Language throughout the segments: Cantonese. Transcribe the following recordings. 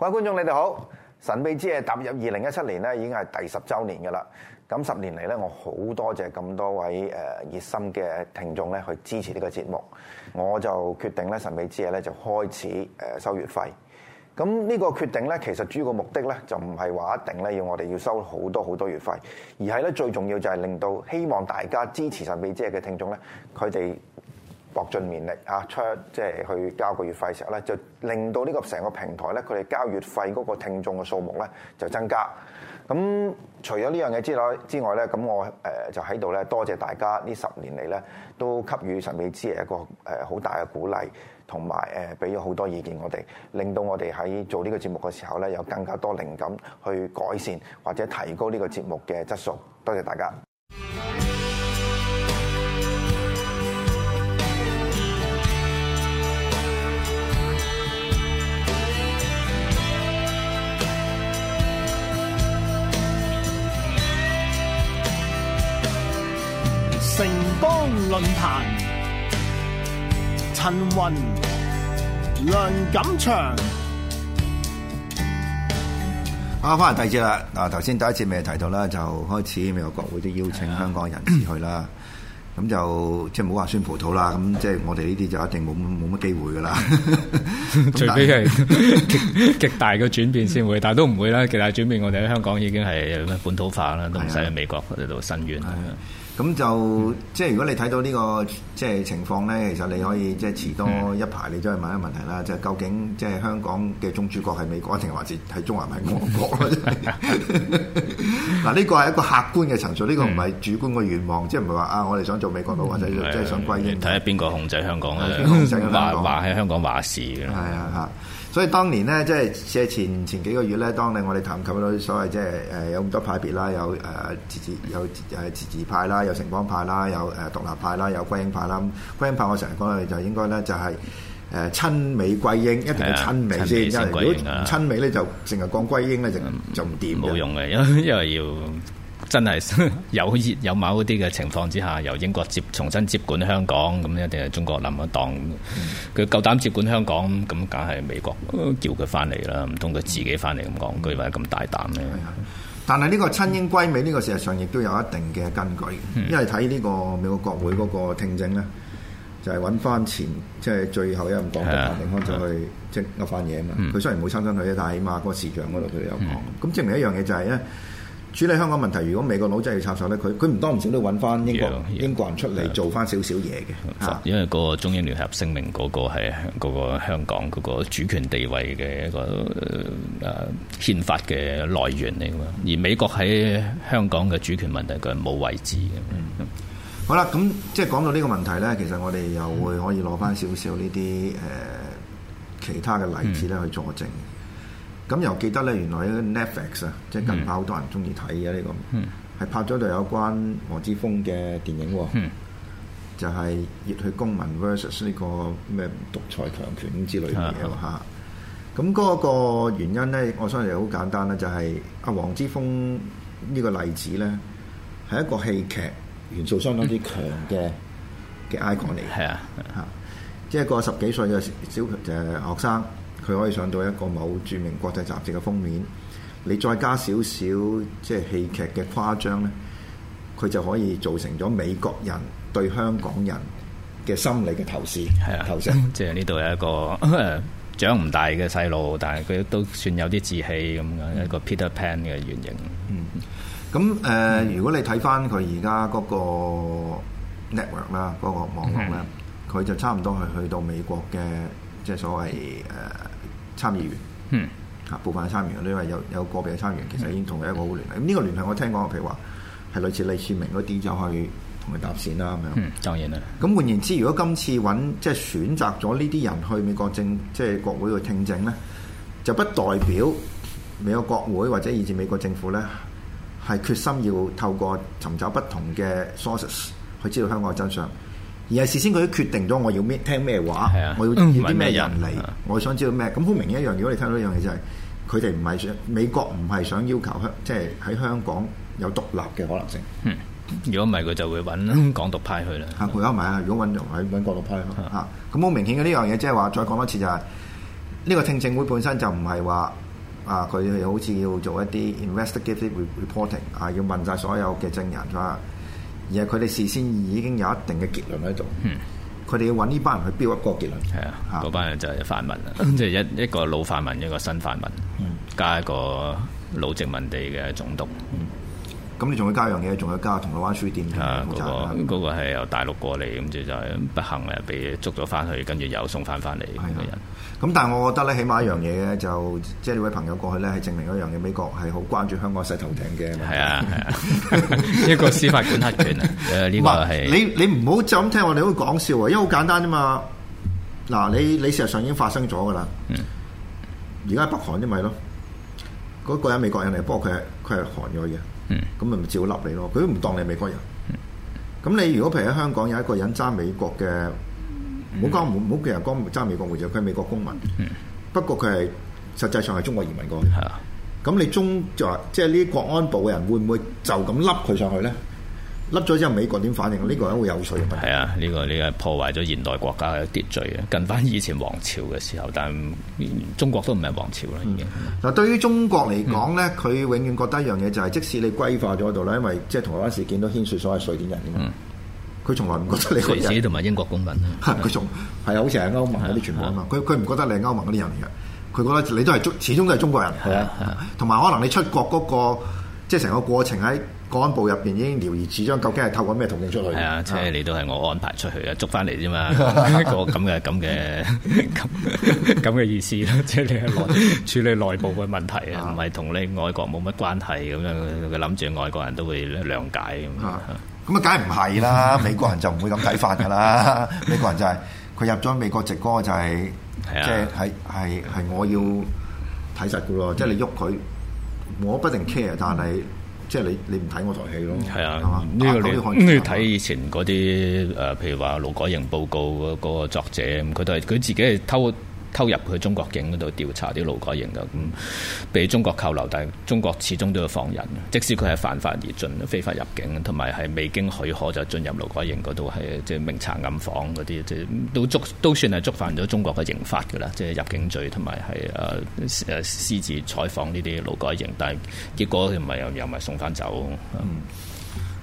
各位觀眾，你哋好！神秘之夜踏入二零一七年咧，已經係第十週年㗎喇。咁十年嚟咧，我好多謝咁多位誒熱心嘅聽眾咧，去支持呢個節目。我就決定咧，神秘之夜咧就開始誒收月費。咁呢個決定咧，其實主要嘅目的咧，就唔係話一定咧要我哋要收好多好多月費，而係咧最重要就係令到希望大家支持神秘之夜嘅聽眾咧，佢哋。搏盡綿力嚇出，即係去交個月費時候咧，就令到呢個成個平台咧，佢哋交月費嗰個聽眾嘅數目咧就增加。咁除咗呢樣嘢之外，之外咧，咁我誒就喺度咧，多謝大家呢十年嚟咧都給予神秘之爺一個誒好大嘅鼓勵，同埋誒俾咗好多意見我哋，令到我哋喺做呢個節目嘅時候咧，有更加多靈感去改善或者提高呢個節目嘅質素。多謝大家。論壇陳雲梁錦祥啊，翻嚟第二節啦。嗱，頭先第一節未提到啦，就開始美國國會都邀請香港人士去啦。咁是、啊、 就即係唔好話酸葡萄啦。咁即係我哋呢啲就一定冇冇乜機會噶啦。除非係極大嘅轉變先會，但係都唔會啦。極大轉變，我哋喺香港已經係本土化啦，都唔使喺美國嗰度申冤。咁就即係如果你睇到呢、這個即係情況咧，其實你可以即係遲多一排，嗯、你去問一問題啦，就究竟即係香港嘅宗主國係美國定還是係中華民國嗱，呢個係一個客觀嘅陳述，呢個唔係主觀嘅願望，嗯、即係唔係話啊，我哋想做美國佬或者即係、嗯、想歸英，睇下邊個控制香港咧？話話喺香港話事嘅。係啊、嗯！嚇。所以當年咧，即係借前前幾個月咧，當年我哋談及到所謂即係誒有咁多派別啦，有誒、呃、自治有誒自治派啦，有城邦派啦，有誒、呃、獨立派啦，有歸英派啦。歸英派我成日講，佢就應該咧就係、是、誒、呃、親美歸英，一定要親美先。啊、美先因為親美咧，就成日講歸英咧，嗯、就就唔掂。冇用嘅，因因為要。真係有有某啲嘅情況之下，由英國接重新接管香港咁一定係中國臨一檔？佢夠膽接管香港咁，梗係美國叫佢翻嚟啦，唔通佢自己翻嚟咁講句話咁大膽咧？但係呢個親英歸美呢個事實上亦都有一定嘅根據，嗯、因為睇呢個美國國會嗰個聽證咧，就係揾翻前即係最後一任總督，另就去、嗯、即係噏翻嘢啊嘛。佢、嗯、雖然冇參審佢但係起碼個市長嗰度佢有講，咁、嗯嗯、證明一樣嘢就係、是、咧。處理香港問題，如果美國佬真係要插手咧，佢佢唔多唔少都揾翻英國 yeah, yeah. 英國人出嚟 Yeah. 做翻少少嘢嘅。因為個中英聯合聲明嗰個係香港嗰個主權地位嘅一個、那個誒、呃、憲法嘅來源嚟㗎。而美國喺香港嘅主權問題佢係冇位置嘅。Yeah. 嗯、好啦，咁即係講到呢個問題咧，其實我哋又會可以攞翻少少呢啲誒其他嘅例子咧去佐證。嗯咁又記得咧，原來咧 Netflix 啊，即係近排好多人中意睇嘅呢個，係拍咗對有關黃之鋒嘅電影喎，嗯、就係熱血公民 versus 呢個咩獨裁強權之類嘅嘢嚇。咁嗰、嗯嗯、個原因咧，我相信好簡單啦，就係阿黃之鋒呢個例子咧，係一個戲劇元素相當之強嘅嘅 icon 嚟嘅，係啊嚇，即係個十幾歲嘅小誒學生。佢可以上到一個某著名國際雜誌嘅封面，你再加少少即係戲劇嘅誇張咧，佢就可以造成咗美國人對香港人嘅心理嘅投射。係啊，投射資即係呢度係一個 長唔大嘅細路，但係佢都算有啲志氣咁樣一個 Peter Pan 嘅原型。嗯，咁誒，呃嗯、如果你睇翻佢而家嗰個 network 啦，嗰個網絡咧，佢、嗯、就差唔多係去到美國嘅即係所謂誒。呃參議員，嗯，啊部分嘅參議員，因為有有個別嘅參議員其實已經同佢一個聯繫，咁呢、嗯、個聯繫我聽講，譬如話係類似李志明嗰啲就去同佢搭線啦咁、嗯、樣。嗯，當然啦。咁換言之，如果今次揾即係選擇咗呢啲人去美國政即係國會去聽證咧，就不代表美國國會或者以至美國政府咧係決心要透過尋找不同嘅 sources 去知道香港嘅真相。而係事先佢都決定咗我要咩聽咩話，啊、我要要啲咩人嚟，嗯、我想知道咩？咁好是、啊、明顯一樣，如果你聽到一樣嘢就係佢哋唔係想美國唔係想要求香，即係喺香港有獨立嘅可能性。如果唔係佢就會揾港獨派去啦。嚇配唔埋啊、嗯啊！如果揾用喺揾國獨派咁好是、啊啊、明顯嘅呢樣嘢即係話，再講多次就係、是、呢、呢個聽證會本身就唔係話啊，佢好似要做一啲 investigative reporting 啊，要問晒所有嘅證人而係佢哋事先已經有一定嘅結論喺度，佢哋、嗯、要搵呢班人去標一個結論。係啊，嗰、啊、班人就係泛民啦，即係一一個老泛民，一個新泛民，嗯、加一個老殖民地嘅總督。嗯咁你仲要加一樣嘢，仲要加銅鑼灣書店嘅，咁嗰個係由大陸過嚟，咁就就不幸啊，俾捉咗翻去，跟住又送翻翻嚟嘅人。咁但係我覺得咧，起碼一樣嘢咧，就即係呢位朋友過去咧，係證明一樣嘢，美國係好關注香港嘅勢頭艇嘅。係啊係啊，一個司法管轄權啊。呢個係你你唔好就咁聽我哋好講笑啊，因為好簡單啫嘛。嗱，你你事實上已經發生咗噶啦。而家北韓啫咪咯嗰個人美國人嚟，不過佢係佢係韓裔嘅。嗯，咁咪咪照笠你咯，佢都唔當你美國人。嗯，咁你如果譬如喺香港有一個人揸美國嘅，唔好講唔好叫人講揸美國人或者佢係美國公民。嗯， 不過佢係實際上係中國移民過去。係啊，咁 你中在即係呢啲國安部嘅人會唔會就咁笠佢上去咧？甩咗之後，美國點反應？呢、這個咧會有趣問題。係啊，呢、這個呢個破壞咗現代國家嘅秩序啊，近返以前皇朝嘅時候。但中國都唔係皇朝啦，已經。嗱、嗯，對於中國嚟講咧，佢、嗯、永遠覺得一樣嘢就係，即使你歸化咗度咧，因為即係、就是、同我嗰時見到牽涉所謂瑞典人佢、嗯、從來唔覺得你瑞士同埋英國公民佢從係啊，好似係歐盟嗰啲全部啊嘛。佢佢唔覺得你歐盟嗰啲人嚟嘅。佢覺得你都係始終都係中國人。係啊，同埋可能你出國嗰個，即係成個過程喺。公安部入邊已經了如指掌，究竟係透過咩途徑出去？係啊，即係你都係我安排出去啊，捉翻嚟啫嘛，個咁嘅咁嘅咁咁嘅意思咯，即係你內處理內部嘅問題啊，唔係同你外國冇乜關係咁樣，佢諗住外國人都會諒解咁。咁啊，梗係唔係啦？美國人就唔會咁睇法噶啦，美國人就係佢入咗美國籍個就係即係係係係我要睇實嘅咯，即係你喐佢，我不定 care，但係。即係你，你唔睇我台戲咯？係啊的，呢個你，你睇以前嗰啲誒，譬如話《勞改營報告》嗰個作者，佢都係佢自己係偷。偷入去中國境嗰度調查啲勞改營嘅，咁、嗯、俾中國扣留，但係中國始終都要放人，即使佢係犯法而進非法入境，同埋係未經許可就進入勞改營嗰度，係即係明察暗訪嗰啲，即係都觸都算係觸犯咗中國嘅刑法噶啦，即、就、係、是、入境罪同埋係誒誒私自採訪呢啲勞改營，但係結果佢唔係又又咪送翻走。嗯、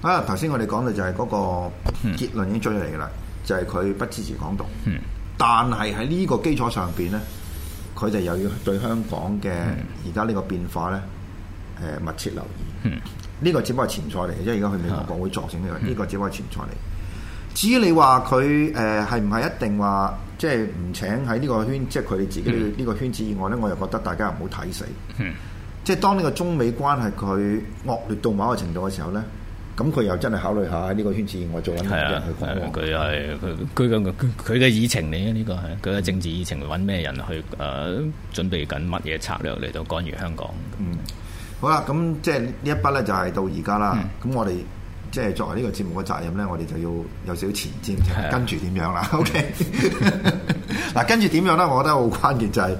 啊，頭先我哋講嘅就係嗰個結論已經追嚟啦，嗯、就係佢不支持港獨。嗯。但係喺呢個基礎上邊呢，佢哋又要對香港嘅而家呢個變化咧，呃，密切留意。呢、嗯、個只不過係前菜嚟嘅，因為而家美國國會作證呢、這個，呢、嗯、個只不過係前菜嚟。至於你話佢誒係唔係一定話即係唔請喺呢個圈，即係佢哋自己呢個圈子以外呢，嗯、我又覺得大家唔好睇死。嗯、即係當呢個中美關係佢惡劣到某個程度嘅時候呢。咁佢又真係考慮下呢個圈子，我做緊啲乜去講？佢係佢佢嘅佢佢嘅議程嚟，呢個係佢嘅政治議程，揾咩人去誒、呃、準備緊乜嘢策略嚟到干預香港？嗯，好啦，咁即係呢一筆咧，就係、是、到而家啦。咁、嗯、我哋即係作為呢個節目嘅責任咧，我哋就要有少少前瞻，的啊、跟住點樣啦 ？OK，嗱， 跟住點樣咧？我覺得好關鍵就係、是。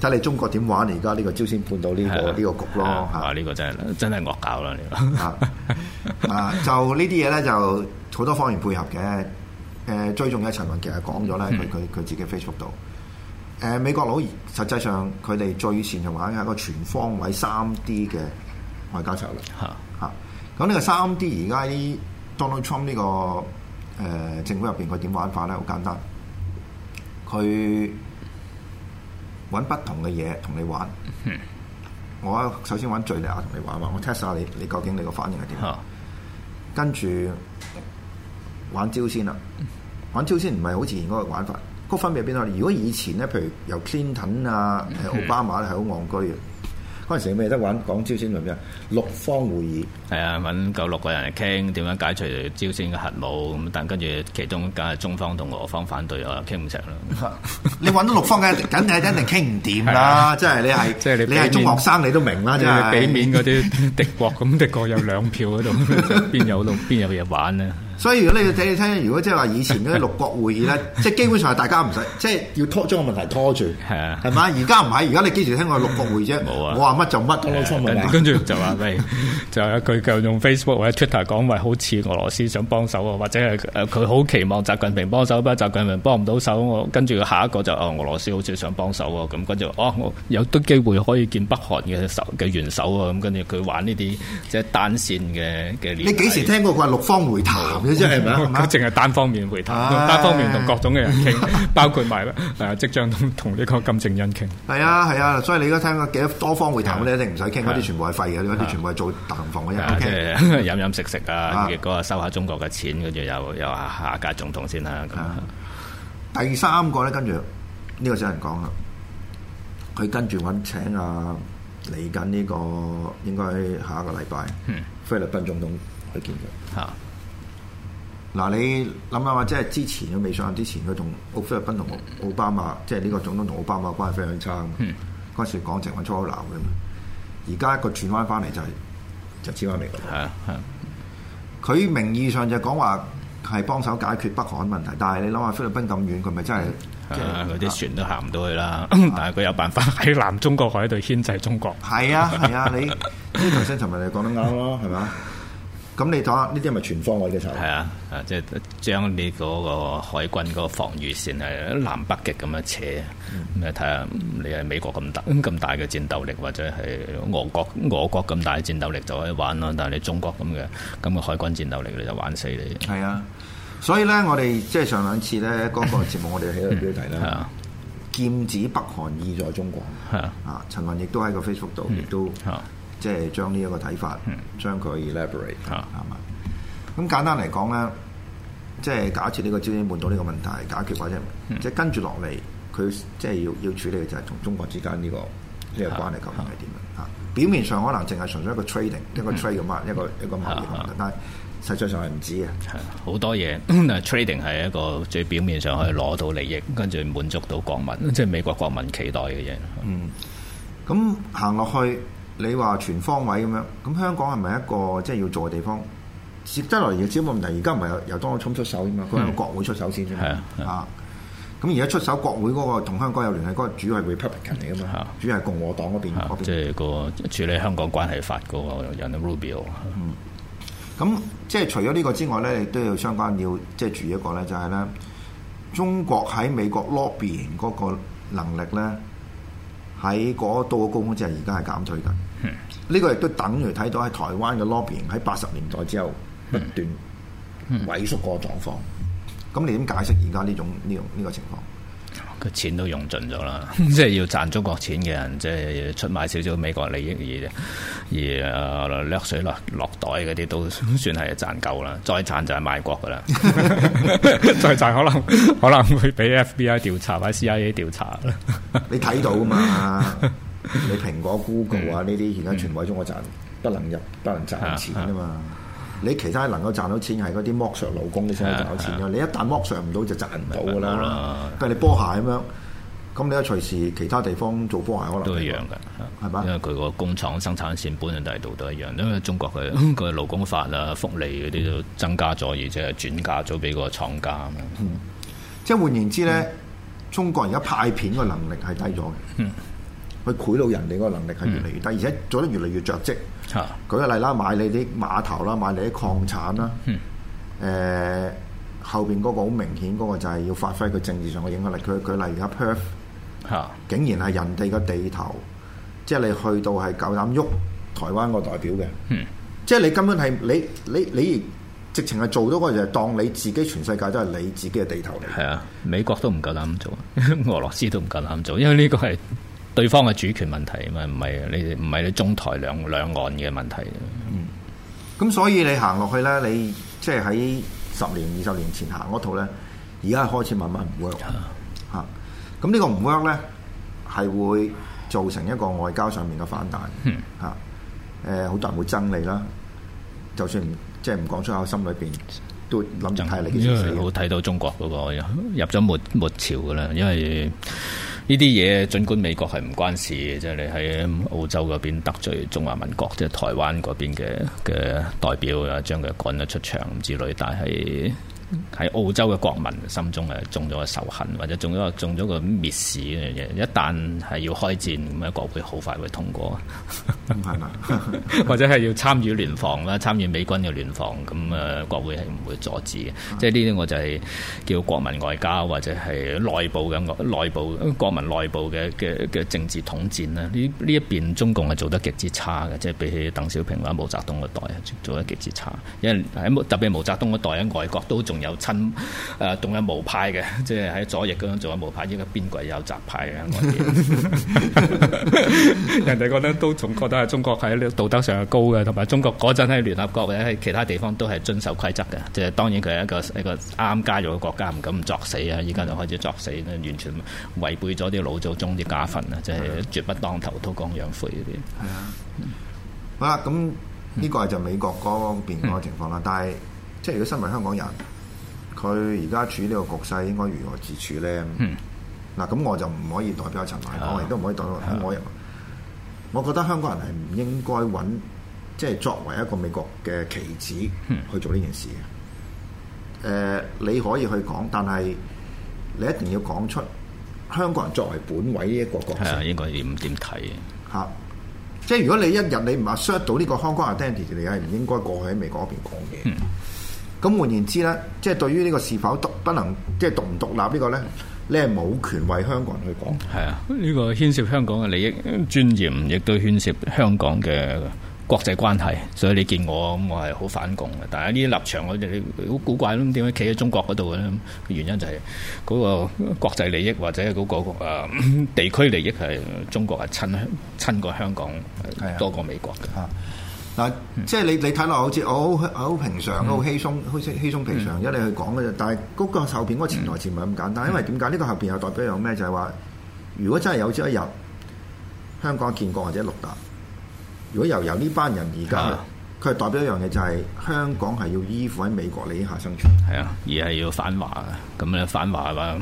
睇你中國點玩而家呢個朝鮮半島呢個呢的個局咯嚇，呢、這個真係真係惡搞啦呢個啊！ 就呢啲嘢咧就好多方言配合嘅。誒、呃，最重要陳雲其實講咗咧，佢佢佢自己 Facebook 度誒、呃、美國佬，實際上佢哋最擅長玩嘅係一個全方位三 D 嘅外交策略嚇嚇。咁呢的、啊、個三 D 而家 Donald Trump 呢、這個誒、呃、政府入邊佢點玩法咧？好簡單，佢。揾不同嘅嘢同你玩，我首先揾敘利亞同你玩啊！我 test 下你，你究竟你個反應係點？跟住玩朝鮮啦，玩朝鮮唔係好似以前嗰個玩法，個分別係邊啊？如果以前咧，譬如由 Clinton 啊、係奧巴馬咧，係好戇居嘅。嗰陣時咩得玩講朝鮮做咩啊？六方會議係啊，揾九六個人嚟傾點樣解除朝鮮嘅核武咁，但跟住其中梗係中方同俄方反對啊，傾唔成啦！ 你揾到六方梗係，梗係，一定傾唔掂啦！ 即係你係，即係你，你係中學生你都明啦！即係俾面嗰啲敵國咁，敵國有兩票嗰度，邊有路，邊有嘢玩啊！所以如果你要睇你聽，如果即係話以前嗰啲六國會議咧， 即係基本上係大家唔使，即係要拖將個問題拖住，係啊，係嘛？而家唔係，而家你幾時聽過六國會啫？冇 啊，我話乜就乜，我冇錯冇。跟住就話咩？就有、是、佢用 Facebook 或者 Twitter 講話，好似俄羅斯想幫手啊，或者係佢好期望習近平幫手，不過習近平幫唔到手，我跟住佢下一個就俄羅斯好似想幫手喎，咁跟住哦，有啲機會可以見北韓嘅首嘅元首啊，咁、嗯、跟住佢玩呢啲即係單線嘅嘅 你幾時聽過佢話六方會談？ 你知係咪？咁淨係單方面會談，單方面同各種嘅人傾，包括埋誒，即將同呢個金正恩傾。係啊係啊，所以你而家聽過幾多方會談，你一定唔使傾，嗰啲全部係廢嘅，嗰啲全部係做特勤防嘅。即係飲飲食食啊，跟住嗰個收下中國嘅錢，跟住又又下下屆總統先啦。第三個咧，跟住呢個小人講啦，佢跟住搵請啊，嚟緊呢個，應該下一個禮拜，菲律賓總統去見佢。嗱，你諗諗下，即係之前佢未上任之前，佢同菲律賓同奧巴馬，即係呢個總統同奧巴馬關係非常差。嗯，嗰時港籍揾初鬧嘅嘛，而家一個轉彎翻嚟就係就始終未。係啊，係。佢名義上就講話係幫手解決北韓問題，但係你諗下菲律賓咁遠，佢咪真係？係啊，啲船都行唔到去啦。但係佢有辦法喺南中國海度牽制中國。係啊，係啊，你啲頭先尋日你講得啱咯，係咪？咁你睇下，呢啲係咪全方位嘅時候？係啊，啊即係將你嗰個海軍嗰個防禦線係南北極咁樣扯，嗯、看看你睇下你係美國咁大咁大嘅戰鬥力，或者係俄國俄國咁大嘅戰鬥力就可以玩咯。但係你中國咁嘅咁嘅海軍戰鬥力，你就玩死你。係啊，所以咧，我哋即係上兩次咧嗰個節目我起，我哋起個標題啦，劍指北韓意在中國。係啊，啊陳雲亦都喺個 Facebook 度，亦都嚇。即係將呢一個睇法，將佢 elaborate 嚇、嗯，係嘛？咁簡單嚟講咧，即係假設呢個朝鮮半島呢個問題假解決或者、嗯、即係跟住落嚟，佢即係要要處理嘅就係同中國之間呢、呢個呢、呢個關係究竟係點樣？嚇、嗯，表面上可能淨係純粹一個 trading，一個 trading 啊、嗯，一個一個買賣，嗯嗯、但係實際上係唔止嘅。係好多嘢，trading 係一個最表面上可以攞到利益，跟住滿足到國民，即係美國國民期待嘅嘢。嗯，咁行落去。你話全方位咁樣，咁香港係咪一個即係要做嘅地方？接得落嚟嘅，只冇問題。而家唔係由由當局衝出手㗎嘛？嗰個國會出手先啫嘛。啊，咁而家出手國會嗰個同香港有聯繫嗰個主要係 Republican 嚟㗎嘛的？主要係共和黨嗰邊。的邊即係個處理香港關係法嗰個人，Rubio。咁、嗯、即係除咗呢個之外咧，亦都要相關要即係注意一個咧，就係、是、咧，中國喺美國 lobby 嗰個能力咧，喺嗰度嘅高峯之後，而家係減退㗎。呢、嗯、個亦都等於睇到喺台灣嘅 lobby 喺八十年代之後不斷萎縮個狀況，咁、嗯嗯、你點解釋而家呢種呢種呢、這個情況？個錢都用盡咗啦， 即係要賺中國錢嘅人，即係出賣少少美國利益嘅嘢，而，而掠水落落袋嗰啲都算係賺夠啦，再賺就係賣國噶啦， 再賺可能可能會俾 FBI 調查，或 CIA 調查 你睇到㗎嘛。你蘋果、Google 啊，呢啲而家全部喺中國賺，不能入不能賺錢啊嘛！是啊是啊，你其他能夠賺到錢係嗰啲剝削勞工嘅先能夠賺到錢噶，是啊是啊，你一旦剝削唔到就賺唔到噶啦。但係你波鞋咁樣，咁你啊隨時其他地方做波鞋可能都一樣噶，係嘛、啊吧？因為佢個工廠生產線人都第度都一樣，因為中國嘅嘅勞工法啊、福利嗰啲就增加咗， 而且係轉嫁咗俾個廠家、嗯。即係換言之咧，中國而家派片個能力係低咗嘅。 佢賄賂人哋嗰個能力係越嚟越低，而且做得越嚟越着職。啊、舉個例啦，買你啲碼頭啦，買你啲礦產啦。誒、呃，後邊嗰個好明顯嗰個就係要發揮佢政治上嘅影響力。佢佢舉例而家 Perf，竟然係人哋嘅地頭，啊、即係你去到係夠膽喐台灣個代表嘅。嗯、即係你根本係你你你，你你你直情係做咗嗰樣，當你自己全世界都係你自己嘅地頭嚟。係啊，美國都唔夠膽咁做，俄羅斯都唔夠膽做，因為呢個係。對方嘅主權問題啊嘛，唔係你唔係你中台兩兩岸嘅問題。嗯，咁所以你行落去啦，你即係喺十年二十年前行嗰套咧，而家開始慢慢唔 work 吓、uh, 啊。咁、這、呢個唔 work 咧，係會造成一個外交上面嘅反彈。吓、uh, 啊，誒，好多人會憎你啦。就算唔即係唔講出口，心裏邊都諗住睇你。嘅時候，好睇到中國嗰個入咗末末朝噶啦，因為。嗯呢啲嘢，儘管美國係唔關事，即係你喺澳洲嗰邊得罪中華民國，即係台灣嗰邊嘅嘅代表啊，將佢趕咗出場之類，但係，喺澳洲嘅國民心中係中咗個仇恨，或者中咗中咗個蔑視嘅嘢。一旦係要開戰，咁啊國會好快會通過，係咪？或者係要參與聯防啦，參與美軍嘅聯防，咁啊國會係唔會阻止嘅。即係呢啲我就係叫國民外交，或者係內部嘅內部，內部國民內部嘅嘅嘅政治統戰啦。呢呢一邊中共係做得極之差嘅，即係比起鄧小平或者毛澤東嗰代啊，做得極之差。因為喺特別毛澤東嗰代喺外國都仲有親誒，仲有毛派嘅，即係喺左翼嗰種做嘅毛派，依個邊個，有雜派嘅。 人哋覺得都仲覺得係中國喺呢道德上係高嘅，同埋中國嗰陣喺聯合國或者喺其他地方都係遵守規則嘅。即係當然佢係一個一個啱加入嘅國家，唔敢唔作死啊！依家就開始作死咧，完全違背咗啲老祖宗啲家訓啦，即係絕不當頭韜光養晦嗰啲。係啊，好啦，咁呢個係就美國嗰邊個情況啦，嗯嗯。但係即係如果身為香港人。 佢而家處呢個局勢，應該如何自處咧？嗱、嗯，咁、啊、我就唔可以代表陳大，我亦都唔可以代表香港人。啊、我覺得香港人係唔應該揾，即、就、係、是、作為一個美國嘅棋子去做呢件事嘅。誒、嗯呃，你可以去講，但係你一定要講出香港人作為本位呢一個角色。係啊，應該點點睇啊？即係如果你一日你唔 assert 到呢個 Hong Kong identity 你係唔應該過去喺美國嗰邊講嘅。嗯。咁換言之咧，即係對於呢個是否獨不能，即係獨唔獨立呢個咧，你係冇權為香港人去講。係啊，呢個牽涉香港嘅利益尊嚴，亦都牽涉香港嘅國際關係。所以你見我咁，我係好反共嘅。但係呢啲立場，我哋好古怪咁點解企喺中國嗰度咧？原因就係嗰個國際利益或者係、那、嗰個、呃、地區利益係中國係親親過香港多過美國嘅。嗱，即係你你睇落好似好好平常，好、嗯、稀鬆，好稀稀鬆平常一、嗯、你去講嘅啫。但係嗰個後邊嗰個前來前後唔係咁簡單，因為點解呢個後邊又代表有咩？就係、是、話，如果真係有朝一日香港建國或者獨立，如果由由呢班人而家。嗯啊佢係代表一樣嘢，就係香港係要依附喺美國底下生存。係啊，而係要反華，咁樣反華啊嘛，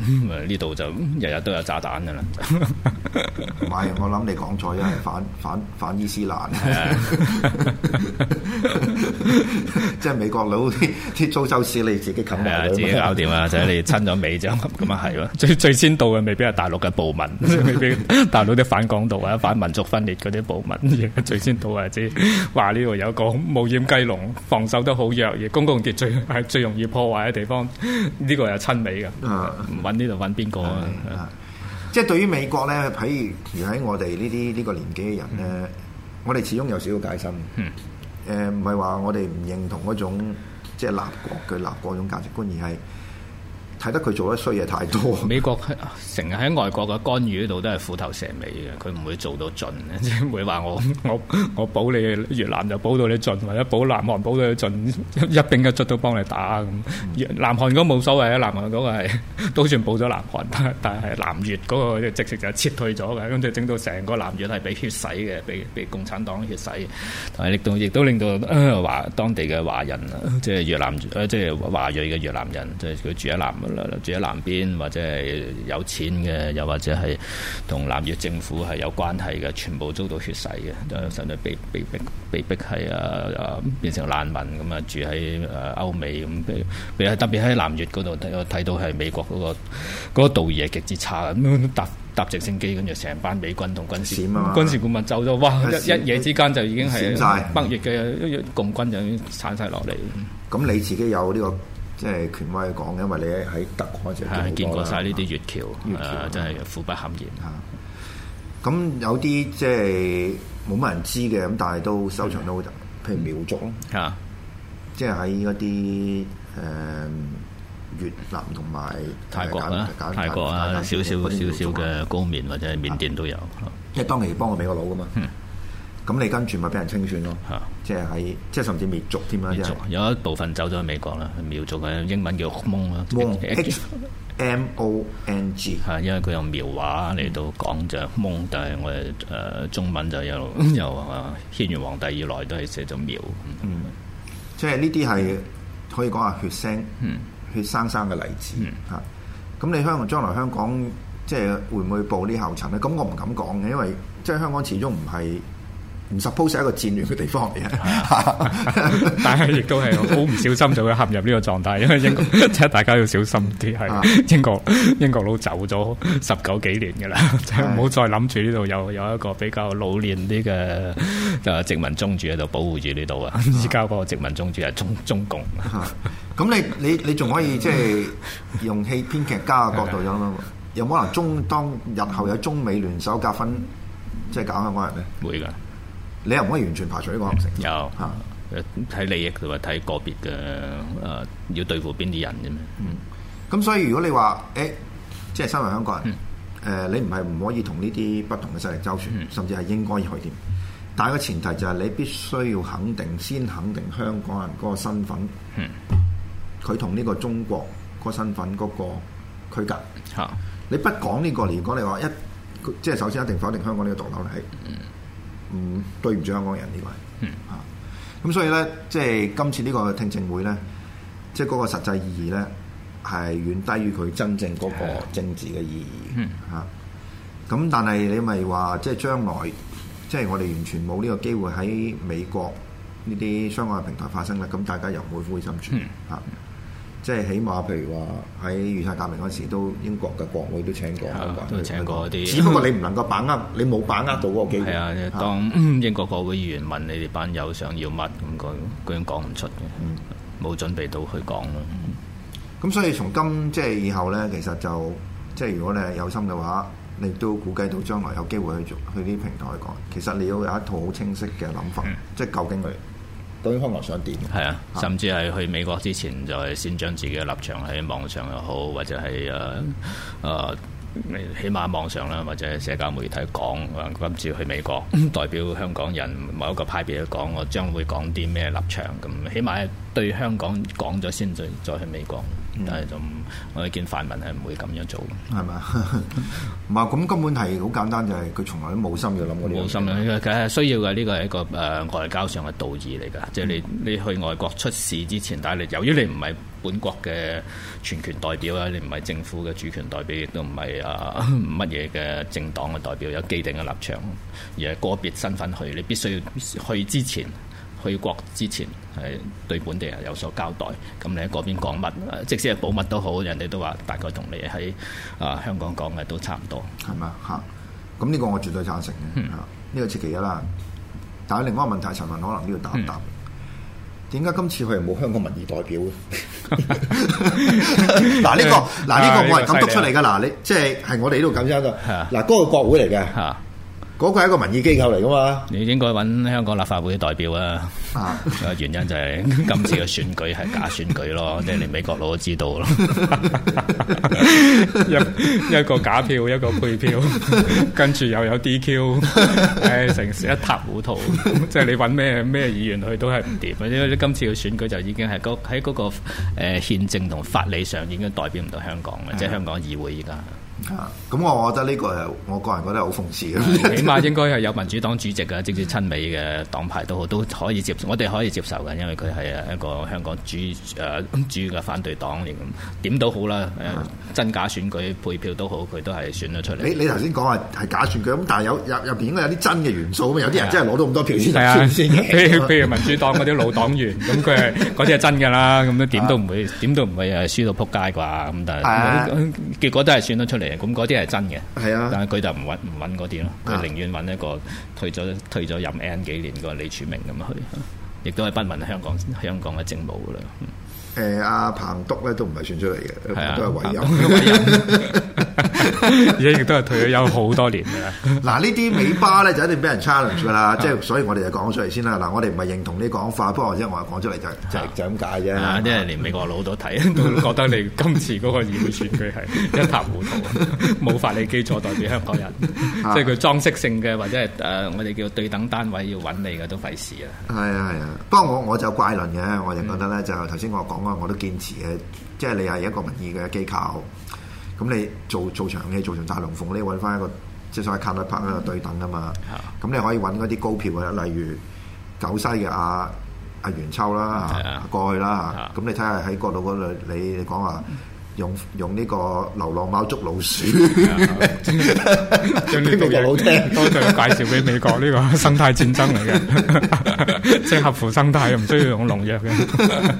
呢度就日日都有炸彈噶啦。唔係、 哎，我諗你講錯，因為反反反伊斯蘭，啊、 即係美國佬啲租州市，你自己近排、啊、自己搞掂啊！就係你親咗尾就咁啊，係咯。最最先到嘅未必係大陸嘅暴民， 未必大陸啲反港獨或者反民族分裂嗰啲暴民，最先到或者係話呢度有一個。無掩雞籠防守得好弱，而公共秩序係最容易破壞嘅地方，呢個係親美嘅，揾呢度揾邊個啊？即係對於美國咧，譬如喺我哋呢啲呢個年紀嘅人咧，嗯、我哋始終有少少戒心。誒、嗯，唔係話我哋唔認同嗰種即係立國嘅立國種價值觀，而係。睇得佢做得衰嘢太多。美國成日喺外國嘅干預度都係虎頭蛇尾嘅，佢唔會做到盡，即 唔會話我我我保你越南就保到你盡，或者保南韓保到你盡，一兵一卒都幫你打。咁南韓嗰冇所謂啊，南韓嗰個係都算保咗南韓，但係南越嗰個直情就撤退咗嘅，咁就到整到成個南越係俾血洗嘅，俾俾共產黨血洗。但係亦都亦都令到、呃、華當地嘅華人啊，即係越南即係華裔嘅越南人，即係佢住喺南。住喺南邊，或者係有錢嘅，又或者係同南越政府係有關係嘅，全部遭到血洗嘅，甚至被被逼被逼係啊啊變成難民咁啊，住喺歐美咁。嗯、比如比如特別喺南越嗰度，我睇到係美國嗰個嗰個道義係極之差，嗯、搭搭直升機跟住成班美軍同軍事嗎軍事顧問走咗，哇！是是一一夜之間就已經係北越嘅共軍就已經鏟晒落嚟。咁嗎你自己有呢個？即係權威講，因為你喺德國就係見過晒呢啲越橋，啊真係苦不堪言。嚇。咁有啲即係冇乜人知嘅，咁但係都收藏好。譬如苗族啊，即係喺一啲誒越南同埋泰國啊，泰國啊，少少少少嘅高棉或者緬甸都有。即係當年幫過美國佬噶嘛。咁你跟住咪俾人清算咯，即係喺即係甚至滅族添啦。族是有一部分走咗去美國啦，苗族嘅英文叫蒙 Hmong, H, H, H M O N G。係因為佢用苗話嚟到講就蒙，嗯、但係我哋誒中文就一路，又話乾隆皇帝以來都係寫咗苗。嗯嗯、即係呢啲係可以講下血腥，嗯、血腥生嘅例子。嗯，咁你香港將來香港即係會唔會步呢後塵咧？咁我唔敢講嘅，因為即係香港始終唔係。唔 suppose 係一個戰亂嘅地方嚟，啊、 但係亦都係好唔小心就會陷入呢個狀態。因為英國即係 大家要小心啲，係、 啊、英國英國佬走咗十九幾年嘅啦，就唔、是、好再諗住呢度有有一個比較老練啲嘅誒殖民宗主喺度保護住呢度啊！而家嗰個殖民宗主係中中共，咁、啊、你你你仲可以即係、就是、用戲編劇家嘅角度咁樣、 啊、有冇可能中當日後有中美聯手夾分，即、就、係、是、搞香港人咧？會㗎。 你又唔可以完全排除呢個可能性。有嚇，睇、啊、利益佢話睇個別嘅誒、呃，要對付邊啲人啫嘛。咁、嗯、所以如果你話誒、欸，即係身為香港人，誒、嗯呃、你唔係唔可以同呢啲不同嘅勢力周旋，嗯、甚至係應該要去添。但係個前提就係你必須要肯定，先肯定香港人嗰個身份。佢同呢個中國嗰個身份嗰個區隔嚇。嗯、你不講呢、這個，如果你話一，即係首先一定否定香港呢個獨立嚟。嗯。嗯。唔、嗯、對唔住香港人呢個，嗯、啊！咁所以咧，即係今次呢個聽證會咧，即係嗰個實際意義咧，係遠低於佢真正嗰個政治嘅意義。嚇、嗯！咁、啊、但係你咪話，即係將來，即係我哋完全冇呢個機會喺美國呢啲相關嘅平台發生咧，咁大家又唔會灰心住。嗯。嗯嗯即係起碼，譬如話喺雨傘革命嗰時，都英國嘅國會都請過，嗯、吧都請過啲。只不過你唔能夠把握，你冇把握到嗰個機會。嗯、啊，就係、當英國國會議員問你哋班友想要乜，咁佢居然講唔出嘅，冇、嗯、準備到去講咯。咁、嗯、所以從今即係以後咧，其實就即係如果你係有心嘅話，你都估計到將來有機會去做去啲平台去講。其實你要有一套好清晰嘅諗法，嗯、即係究竟佢。咁香港想點？係啊 甚至係去美國之前就係先將自己嘅立場喺網上又好，或者係誒誒，呃、起碼網上啦，或者係社交媒體講。咁今次去美國代表香港人某一個派別講，我將會講啲咩立場咁，起碼對香港講咗先，再再去美國。但係就我哋見泛民係唔會咁樣做，係嘛？唔係咁，根本係好簡單，就係佢從來都冇心要諗嗰啲。冇心啦，佢梗需要嘅。呢個係一個誒外交上嘅道義嚟㗎，即係你你去外國出事之前，但係你由於你唔係本國嘅全權代表啊，你唔係政府嘅主權代表，亦都唔係啊乜嘢嘅政黨嘅代表，有既定嘅立場，而係個別身份去，你必須要去之前。去國之前係對本地人有所交代，咁你喺嗰邊講乜，即使係保密都好，人哋都話大概同你喺啊香港講嘅都差唔多，係嘛嚇？咁呢個我絕對贊成嘅，呢個其一啦。但係另外一個問題，陳文可能都要答一答，點解、嗯、今次佢哋冇香港民意代表？嗱呢、 啊這個嗱呢、啊這個我係咁督出嚟㗎，嗱、啊、你即係係我哋呢度咁樣嘅，嗱嗰個國會嚟嘅。啊啊啊啊啊嗰個係一個民意機構嚟噶嘛？你應該揾香港立法會嘅代表啊！啊原因就係今次嘅選舉係假選舉咯，即係連美國佬都知道咯。一 一個假票，一個配票，跟住又有 DQ，唉、哎，成時一塌糊塗。即係 你揾咩咩議員去都係唔掂。因為今次嘅選舉就已經係喺嗰個誒、那個呃、憲政同法理上已經代表唔到香港嘅，是的 即係香港議會而家。啊！咁我，我覺得呢、這個係我個人覺得好諷刺嘅、啊，起碼應該係有民主黨主席嘅，甚至親美嘅黨派都好，都可以接受。我哋可以接受嘅，因為佢係一個香港主誒、呃、主嘅反對黨嚟，點都好啦。啊啊、真假選舉配票都好，佢都係選咗出嚟。你你頭先講係係假選舉咁，但係有入入邊應該有啲真嘅元素。有啲人真係攞到咁多票先算先。譬如民主黨嗰啲老黨員，咁佢係嗰啲係真㗎啦。咁樣點都唔會點 都唔會係輸到撲街啩？咁但係結果都係選咗出嚟。咁嗰啲係真嘅，啊、但係佢就唔揾唔揾嗰啲咯，佢寧願揾一個退咗退咗任 N 幾年個李柱銘咁樣去，亦都係不問香港香港嘅政務噶啦。嗯阿彭督咧都唔係算出嚟嘅，都係委任。而家亦都係退咗休好多年嘅。嗱，呢啲尾巴咧就一定俾人 challenge 㗎啦，即係所以我哋就講出嚟先啦。嗱，我哋唔係認同呢講法，不過即係我講出嚟就就就咁解啫。即係連美國佬都睇，都覺得你今次嗰個議會選舉係一塌糊塗，冇法理基礎代表香港人，即係佢裝飾性嘅或者係誒我哋叫對等單位要揾你嘅都費事啦。係啊係啊，不過我我就怪論嘅，我就覺得咧就頭先我講。我都堅持嘅，即係你係一個民意嘅機構，咁你做做場戲，做場大龍鳳，你揾翻一個，即係所謂 counterpart 嗰個對等啊嘛。咁、mm hmm。你可以揾嗰啲高票嘅，例如九西嘅阿阿袁秋啦，mm hmm。啊啊、過去啦，咁、mm hmm。你睇下喺角度嗰度，你講話。你說說用用呢個流浪貓捉老鼠，將呢個又好聽，多謝介紹俾美國呢個生態戰爭嚟嘅，即係合乎生態，唔需要用農藥嘅。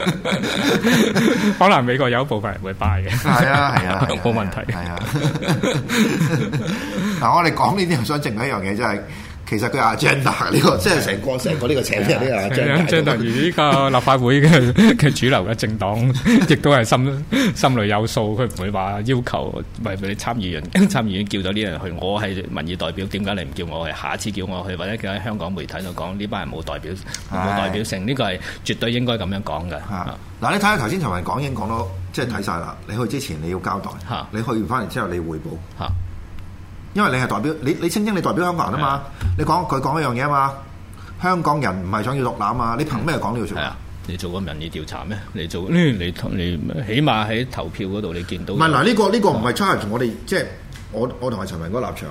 可能美國有一部分人會拜嘅，係啊係啊，冇、啊啊、 問題。係啊，嗱、啊啊 啊、我哋講呢啲，想證明一樣嘢，即係。其實佢阿張達呢個，即係成個成個呢個請人呢個阿張達。張達如呢個立法會嘅嘅主流嘅政黨，亦都係心心裏有數，佢唔會話要求唔係佢參議員參議員叫咗呢樣去。我係民意代表，點解你唔叫我去？下次叫我去，或者叫喺香港媒體度講呢班人冇代表，冇代表性。呢個係絕對應該咁樣講嘅。嗱，你睇下頭先陳雲講已經講到，即係睇晒啦。你去之前你要交代，你去完翻嚟之後你彙報。因為你係代表你，你清清你代表香港人啊嘛！啊你講佢講一樣嘢啊嘛，香港人唔係想要獨立啊！你憑咩講呢條？係啊，你做過民意調查咩？你做呢？你你，你起碼喺投票嗰度你見到唔係嗱？呢、呢個呢、呢個唔係出唔多，我哋即係我我同阿陳明嗰立場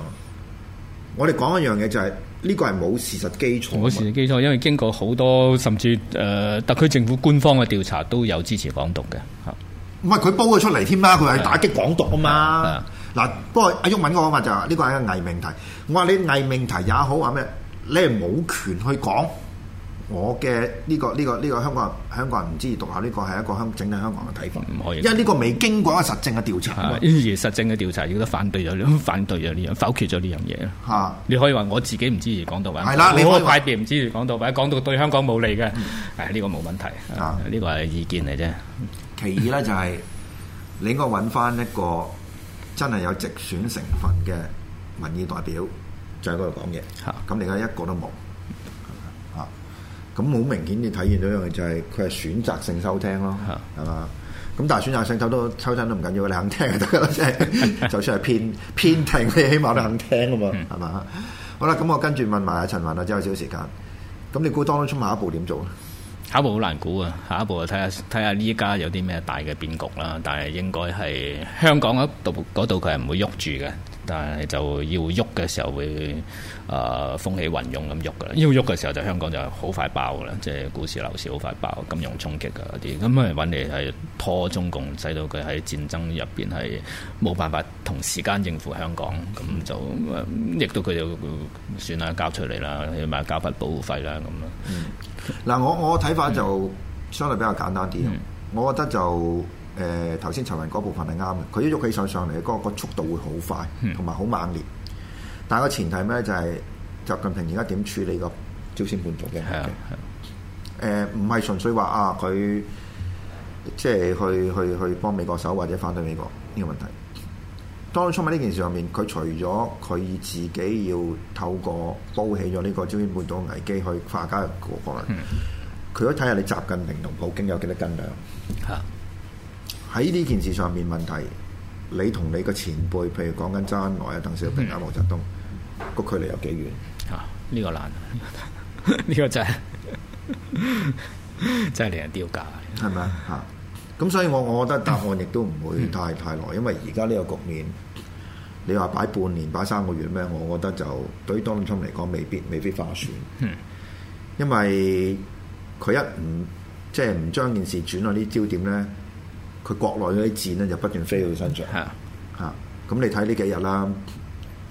我哋講一樣嘢就係、是、呢、呢個係冇事實基礎，冇事實基礎，因為經過好多甚至誒、呃、特區政府官方嘅調查都有支持港獨嘅嚇。唔係佢煲佢出嚟添啦，佢係打擊港獨啊嘛。的嗱，不過阿毓民個講法就呢個係一個偽命題。我話你偽命題也好，話咩？你係冇權去講我嘅呢個呢個呢個香港人，香港人唔支持獨下呢個係一個香整體香港嘅睇法。唔可以，因為呢個未經過實證嘅調查。而實證嘅調查，如果反對就反對咗呢樣，否決咗呢樣嘢咯。你可以話我自己唔支持港獨啊。係啦，你可以派別唔支持港獨或者港獨對香港冇利嘅，係呢個冇問題。呢個係意見嚟啫。其二咧就係你應該揾翻一個。真係有直選成分嘅民意代表就喺嗰度講嘢，咁而家一個都冇，嚇，咁好明顯你體現到一樣嘢就係佢係選擇性收聽咯，係嘛？咁的但係選擇性收都抽親都唔緊要，你肯聽就得啦，即、就、係、是、 就算係偏偏聽，你起碼都肯聽啊嘛，係嘛？ 好啦，咁我跟住問埋阿陳雲啊，之後少少時間，咁你估當中下一步點做咧？下一步好難估啊！下一步睇下睇下呢家有啲咩大嘅變局啦，但係應該係香港嗰度嗰度佢係唔會喐住嘅。但係就要喐嘅時候會啊、呃、風起雲湧咁喐嘅，要喐嘅時候就香港就好快爆啦，即係股市樓市好快爆，金融衝擊嘅嗰啲，咁咪揾嚟係拖中共，嗯、使到佢喺戰爭入邊係冇辦法同時間應付香港，咁就亦、嗯嗯、都佢就算啦，交出嚟啦，起碼交返保護費啦咁咯。嗱，我我睇法就相對比較簡單啲，嗯嗯、我覺得就。誒頭先陳雲嗰部分係啱嘅，佢一喐起來上上嚟嘅嗰個速度會好快，同埋好猛烈。但係個前提咧就係習近平而家點處理個朝鮮半島嘅？係、呃、啊，誒唔係純粹話啊，佢即係去去去，去幫美國手或者反對美國呢、呢個問題。當初喺呢件事上面，佢除咗佢自己要透過煲起咗呢個朝鮮半島危機去化解個局面，佢都睇下你習近平同普京有幾多斤兩。係。喺呢件事上面問題，你同你個前輩，譬如講緊周恩來、啊、鄧小平啊、毛澤東，個、嗯、距離有幾遠？啊，呢、呢個難，呢 個真 真係令人丟架，係咪啊？咁所以我我覺得答案亦都唔會太、嗯、太耐，因為而家呢個局面，你話擺半年、擺三個月咩？我覺得就對於 Donald Trump 嚟講，未必未必划算。嗯，嗯因為佢一唔即係唔將件事轉落啲焦點咧。佢國內嗰啲箭呢，就不斷飛到佢身上，啊，嚇！咁你睇呢幾日啦，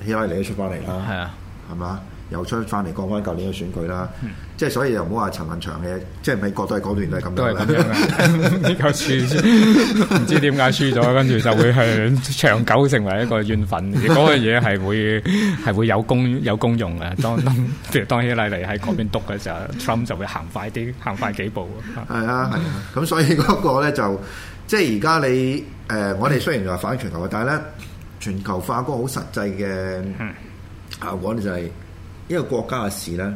希拉里都出翻嚟啦，係啊，係嘛？又出翻嚟講翻舊年嘅選舉啦，嗯、即係所以又唔好話陳文祥嘅，即係美國都係港團都係咁樣？都係咁樣啊！呢個選唔知點解輸咗，跟住就會係長久成為一個怨憤。嗰樣嘢係會係會有功有功用嘅。當當起希拉里喺嗰邊篤嘅時候，Trump 就會行快啲，行快幾步。係啊，係啊，咁所以嗰個咧就。即係而家你誒、呃，我哋雖然話反全球，但係咧，全球化嗰個好實際嘅效果咧，就係一個國家嘅事咧。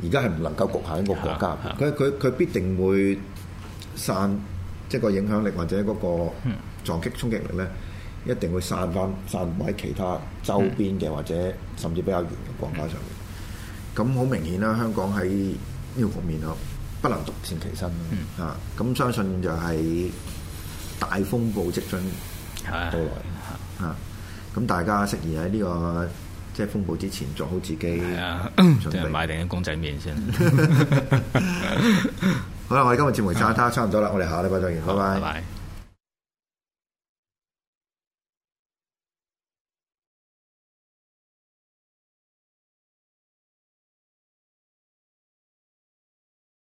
而家係唔能夠局限一個國家，佢佢佢必定會散，即係個影響力或者嗰個撞擊衝擊力咧，一定會散翻散喺其他周邊嘅或者甚至比較遠嘅國家上面。咁好明顯啦，香港喺呢個方面咯，不能獨善其身啊！咁的相信就係、是。大風暴即將到來，嚇的！咁、嗯、大家適宜喺呢、這個即係、就是、風暴之前做好自己，準備的、 就是、買定啲公仔麵先。好啦，我哋今日節目差差，的差唔多啦，我哋下禮拜再見，好拜拜。拜拜。